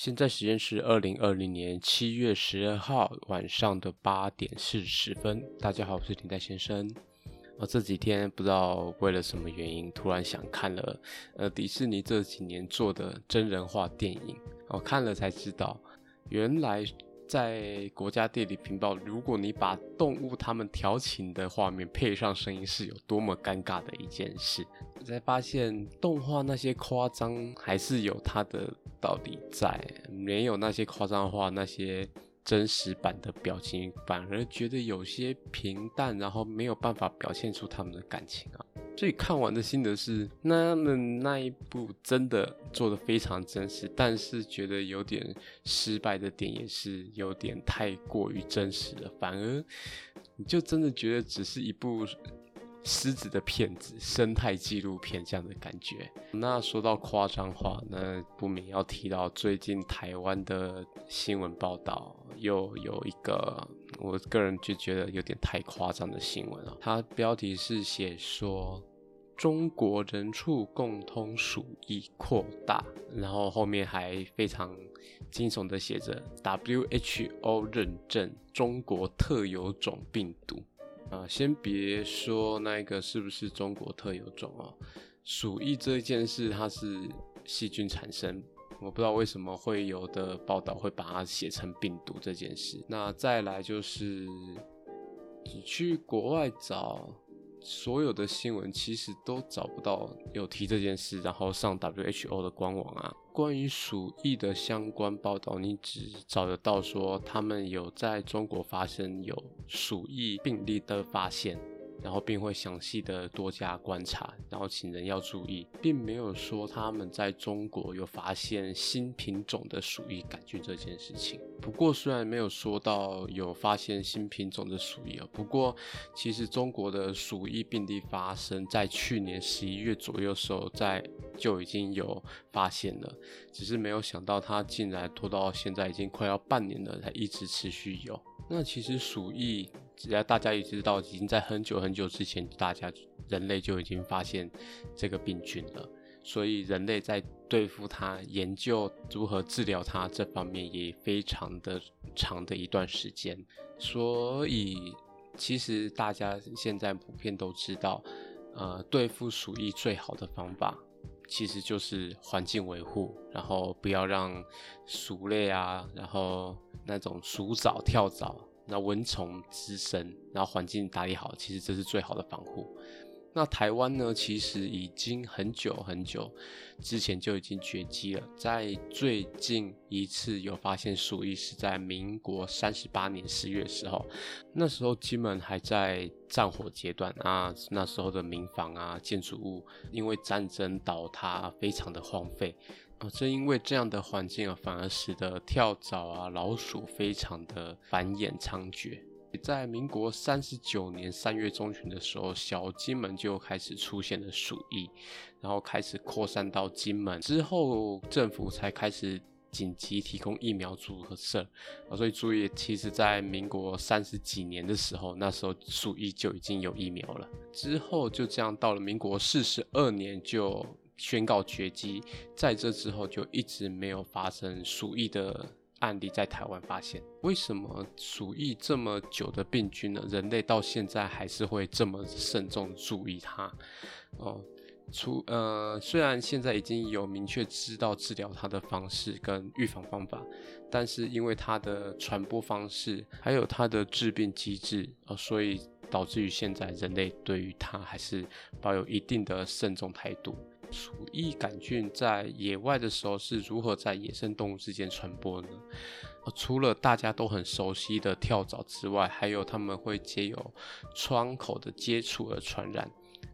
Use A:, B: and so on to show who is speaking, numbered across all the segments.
A: 現在時間是二零二零年七月十二號晚上的八點四十分。大家好，我是頂戴先生。我、哦、這幾天不知道為了什麼原因，突然想看了呃迪士尼這幾年做的真人化電影。我、哦、看了才知道，原來在國家地理頻道，如果你把動物他們調情的畫面配上聲音，是有多麼尷尬的一件事。我才發現，動畫那些誇張還是有它的。到底在沒有那些誇張的話，那些真實版的表情反而覺得有些平淡，然後沒有辦法表現出他們的感情啊。最看完的心得是，他們那一部真的做的非常真實，但是覺得有點失敗的點也是有點太過於真實了，反而你就真的覺得只是一部。獅子的片子生態紀錄片這樣的感覺。那說到誇張話，那不免要提到最近台灣的新聞報道，又有一個我個人就覺得有點太誇張的新聞了。它標題是寫說中國人畜共通鼠疫擴大，然後後面還非常驚悚的寫着 WHO 認證中國特有種病毒。啊、呃，先別說那個是不是中國特有種啊，鼠疫這一件事，它是細菌產生，我不知道為什麼會有的報道會把它寫成病毒這件事。那再來就是你去國外找。所有的新聞其實都找不到有提這件事，然後上 WHO 的官網啊，關於鼠疫的相關報道，你只找得到說他們有在中國發生有鼠疫病例的發現。然後並會詳細的多加觀察，然後請人要注意，並沒有說他們在中國有發現新品種的鼠疫桿菌這件事情。不過雖然沒有說到有發現新品種的鼠疫哦，不過其實中國的鼠疫病例發生在去年十一月左右的時候，在就已經有發現了，只是沒有想到它竟然拖到現在已經快要半年了才一直持續有。那其實鼠疫。只要大家也知道，已經在很久很久之前，大家人類就已經發現這個病菌了，所以人類在對付它、研究如何治療它這方面也非常的長的一段時間。所以其實大家現在普遍都知道，呃，對付鼠疫最好的方法其實就是環境維護，然後不要讓鼠類啊，然後那種鼠蚤、跳蚤。那蚊蟲滋生，然後環境打理好，其實這是最好的防護。那台灣呢，其實已經很久很久之前就已經絕跡了。在最近一次有發現鼠疫，是在民國三十八年十月的時候，那時候金門還在戰火階段啊，那時候的民房啊建築物因為戰爭倒塌，非常的荒廢。啊，正因為這樣的環境啊，反而使得跳蚤啊、老鼠非常的繁衍猖獗。在民國三十九年三月中旬的時候，小金門就開始出現了鼠疫，然後開始擴散到金門之後，政府才開始緊急提供疫苗注射。啊，所以注意，其實在民國三十幾年的時候，那時候鼠疫就已經有疫苗了。之後就這樣到了民國四十二年就。宣告絕跡，在這之後就一直沒有發生鼠疫的案例在台灣發現。為什麼鼠疫這麼久的病菌呢？人類到現在還是會這麼慎重注意它？哦，除呃，雖然現在已經有明確知道治療它的方式跟預防方法，但是因為它的傳播方式還有它的致病機制，哦，所以導致於現在，人類對於它還是抱有一定的慎重態度。鼠疫桿菌在野外的時候是如何在野生動物之間傳播呢？呃，除了大家都很熟悉的跳蚤之外，還有它們會借由窗口的接觸而傳染，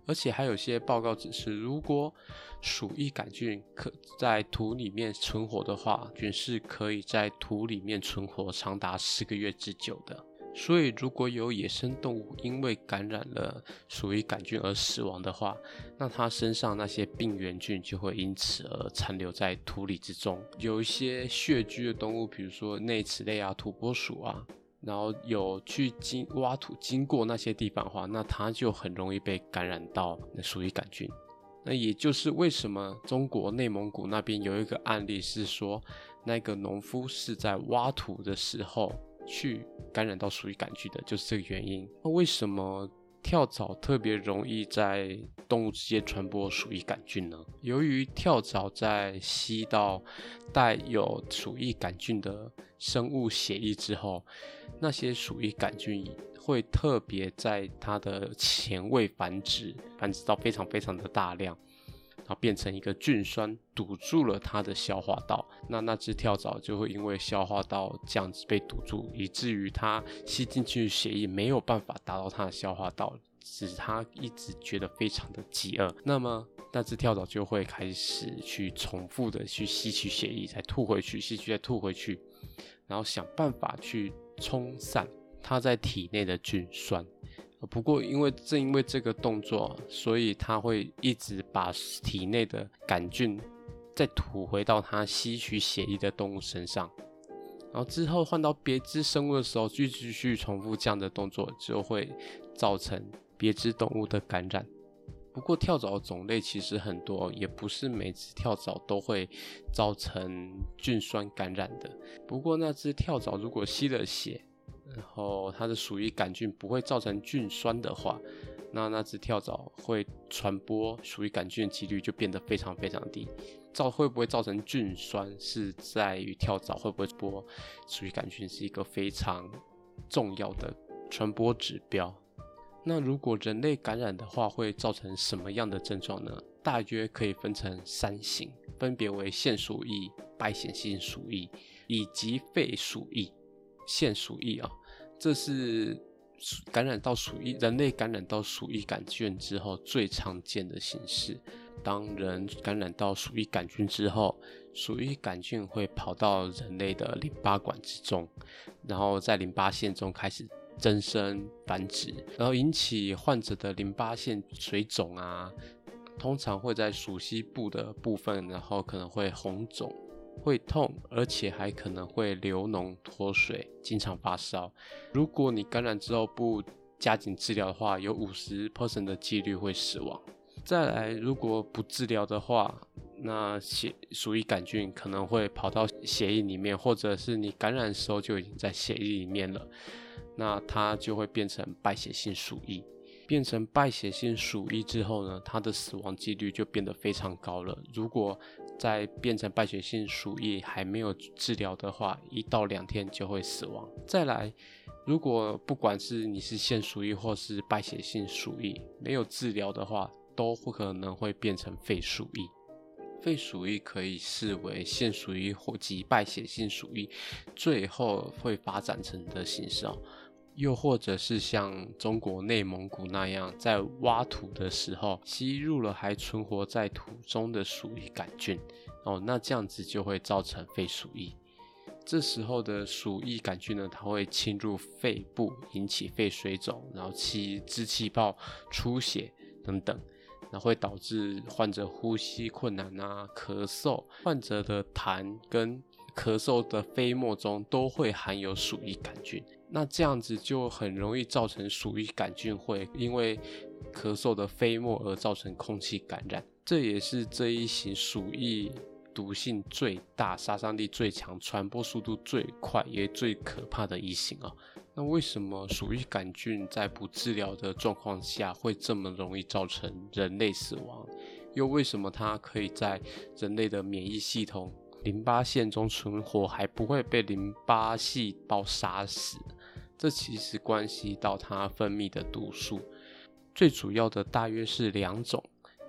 A: 而且還有些報告指示，如果鼠疫桿菌可在土裡面存活的話，菌是可以在土裡面存活長達四個月之久的。所以，如果有野生動物因為感染了鼠疫桿菌而死亡的話，那它身上那些病原菌就會因此而殘留在土裡之中。有一些穴居的動物，比如說齧齒類啊、土撥鼠啊，然後有去經挖土經過那些地方的話，那它就很容易被感染到鼠疫桿菌。那也就是為什麼中國內蒙古那邊有一個案例是說，那個農夫是在挖土的時候。去感染到鼠疫桿菌的，就是這個原因。那為什麼跳蚤特別容易在動物之間傳播鼠疫桿菌呢？由於跳蚤在吸到帶有鼠疫桿菌的生物血液之後，那些鼠疫桿菌會特別在它的前胃繁殖，繁殖到非常非常的大量，然後變成一個菌栓，堵住了它的消化道。那那隻跳蚤就會因為消化道這樣子被堵住，以至於它吸進去血液沒有辦法達到它的消化道，使它一直覺得非常的飢餓。那麼那隻跳蚤就會開始去重複的去吸取血液，再吐回去，吸取再吐回去，然後想辦法去沖散它在體內的菌酸。不過因為正因為這個動作，所以它會一直把體內的桿菌。再吐回到它吸取血液的動物身上，然後之後換到別隻生物的時候，繼續重複這樣的動作，就會造成別隻動物的感染。不過跳蚤種類其實很多，也不是每隻跳蚤都會造成菌酸感染的。不過那隻跳蚤如果吸了血，然後它是屬於桿菌不會造成菌酸的話，那那隻跳蚤會傳播鼠疫桿菌的幾率就變得非常非常低，造會不會造成菌栓是在於跳蚤會不會傳播鼠疫桿菌，是一個非常重要的傳播指標。那如果人類感染的話，會造成什麼樣的症狀呢？大約可以分成三型，分別為腺鼠疫、敗血性鼠疫以及肺鼠疫。腺鼠疫啊，這是。感染到鼠疫。人類感染到鼠疫桿菌之後最常見的形式，當人感染到鼠疫桿菌之後，鼠疫桿菌會跑到人類的淋巴管之中，然後在淋巴腺中開始增生繁殖，然後引起患者的淋巴腺水腫啊，通常會在鼠蹊部的部分，然後可能會紅腫。會痛，而且還可能會流膿、脫水、經常發燒。如果你感染之後不加緊治療的話，有五十 percent 的幾率會死亡。再來，如果不治療的話，那血鼠疫桿菌可能會跑到血液裡面，或者是你感染的時候就已經在血液裡面了，那它就會變成敗血性鼠疫。變成敗血性鼠疫之後呢，它的死亡幾率就變得非常高了。如果再變成敗血性鼠疫還沒有治療的話，一到兩天就會死亡。再來，如果不管是你是腺鼠疫或是敗血性鼠疫沒有治療的話，都不可能會變成肺鼠疫。肺鼠疫可以視為腺鼠疫或及敗血性鼠疫最後會發展成的形式啊。又或者是像中國內蒙古那樣，在挖土的時候吸入了還存活在土中的鼠疫桿菌，哦，那這樣子就會造成肺鼠疫。這時候的鼠疫桿菌呢，它會侵入肺部，引起肺水腫，然後氣支氣泡出血等等，那會導致患者呼吸困難啊，咳嗽，患者的痰跟。咳嗽的飛沫中都會含有鼠疫桿菌，那這樣子就很容易造成鼠疫桿菌會因為咳嗽的飛沫而造成空氣感染。這也是這一型鼠疫毒性最大、殺傷力最強、傳播速度最快也最可怕的一型啊。那為什麼鼠疫桿菌在不治療的狀況下會這麼容易造成人類死亡？又為什麼它可以在人類的免疫系統？淋巴腺中存活，還不會被淋巴細胞殺死。這其實關係到它分泌的毒素，最主要的大約是兩種。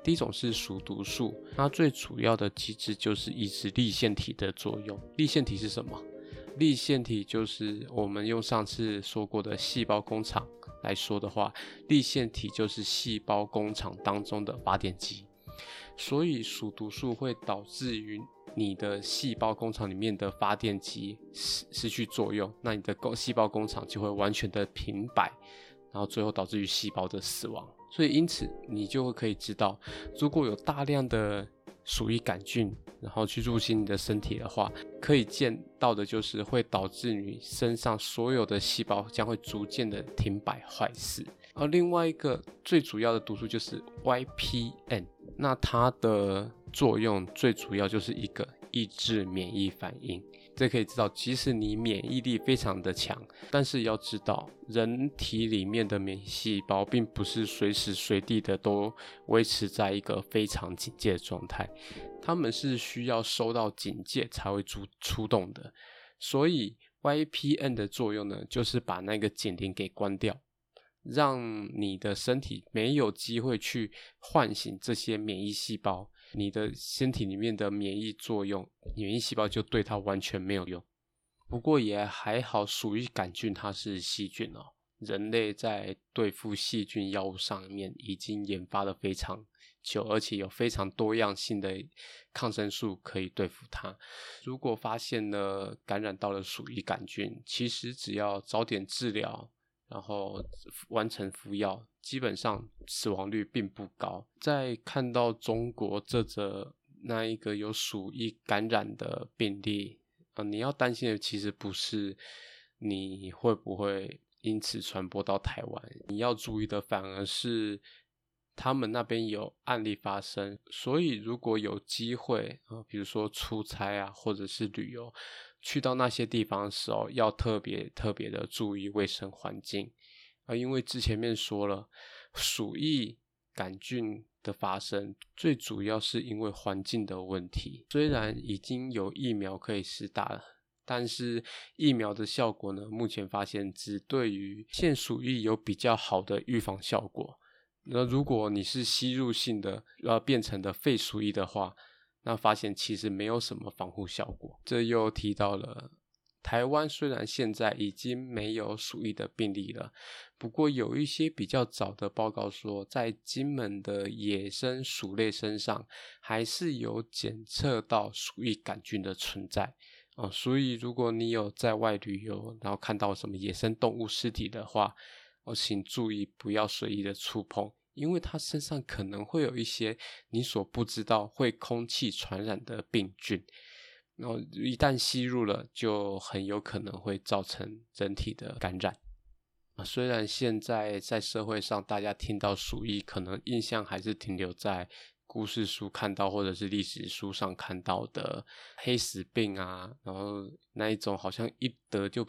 A: 第一種是鼠毒素，它最主要的機制就是抑制粒線體的作用。粒線體是什麼？粒線體就是我們用上次說過的細胞工廠來說的話，粒線體就是細胞工廠當中的發電機。所以鼠毒素會導致於。你的細胞工廠裡面的發電機失失去作用，那你的工細胞工廠就會完全的停擺，然後最後導致於細胞的死亡。所以因此你就會可以知道，如果有大量的鼠疫桿菌，然後去入侵你的身體的話，可以見到的就是會導致你身上所有的細胞將會逐漸的停擺壞死。而另外一個最主要的毒素就是 YPN，那它的。作用最主要就是一個抑制免疫反應。這可以知道，即使你免疫力非常的強，但是要知道，人體裡面的免疫細胞並不是隨時隨地的都維持在一個非常警戒的狀態，他們是需要收到警戒才會出出動的。所以，YPN 的作用呢，就是把那個警鈴給關掉，讓你的身體沒有機會去喚醒這些免疫細胞。你的身體裡面的免疫作用、免疫細胞就對它完全沒有用，不過也還好，鼠疫桿菌它是細菌哦。人類在對付細菌藥物上面已經研發得非常久，而且有非常多樣性的抗生素可以對付它。如果發現了感染到了鼠疫桿菌，其實只要早點治療。然後完成服藥，基本上死亡率並不高。在看到中國這則那一個有鼠疫感染的病例，啊、呃，你要擔心的其實不是你會不會因此傳播到台灣，你要注意的反而是。他們那邊有案例發生，所以如果有機會啊、呃，比如說出差啊，或者是旅遊，去到那些地方的時候，要特別特別的注意衛生環境啊、呃，因為之前面說了，鼠疫桿菌的發生最主要是因為環境的問題。雖然已經有疫苗可以施打了，但是疫苗的效果呢，目前發現只對於腺鼠疫有比較好的預防效果。那如果你是吸入性的，然後變成的肺鼠疫的話，那發現其實沒有什麼防護效果。這又提到了台灣，雖然現在已經沒有鼠疫的病例了，不過有一些比較早的報告說，在金門的野生鼠類身上還是有檢測到鼠疫桿菌的存在。哦，所以如果你有在外旅遊，然後看到什麼野生動物屍體的話，請注意不要隨意的觸碰，因為它身上可能會有一些你所不知道會空氣傳染的病菌，然後一旦吸入了，就很有可能會造成整體的感染。啊，雖然現在在社會上大家聽到鼠疫，可能印象還是停留在故事書看到或者是歷史書上看到的黑死病啊，然後那一種好像一得就。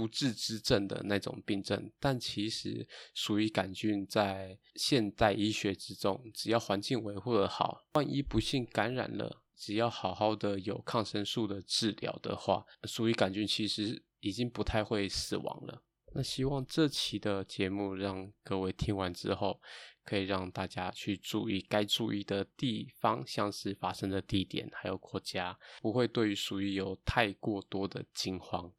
A: 不治之症的那種病症，但其實鼠疫桿菌在現代醫學之中，只要環境維護得好，萬一不幸感染了，只要好好的有抗生素的治療的話，鼠疫桿菌其實已經不太會死亡了。那希望這期的節目讓各位聽完之後，可以讓大家去注意該注意的地方，像是發生的地點還有國家，不會對於鼠疫有太過多的驚慌。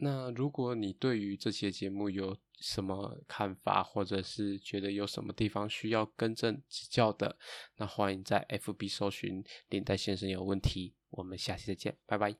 A: 那如果你對於這期的節目有什麼看法，或者是覺得有什麼地方需要更正指教的，那歡迎在 FB 搜尋領帶先生有問題。我們下期再見，拜拜。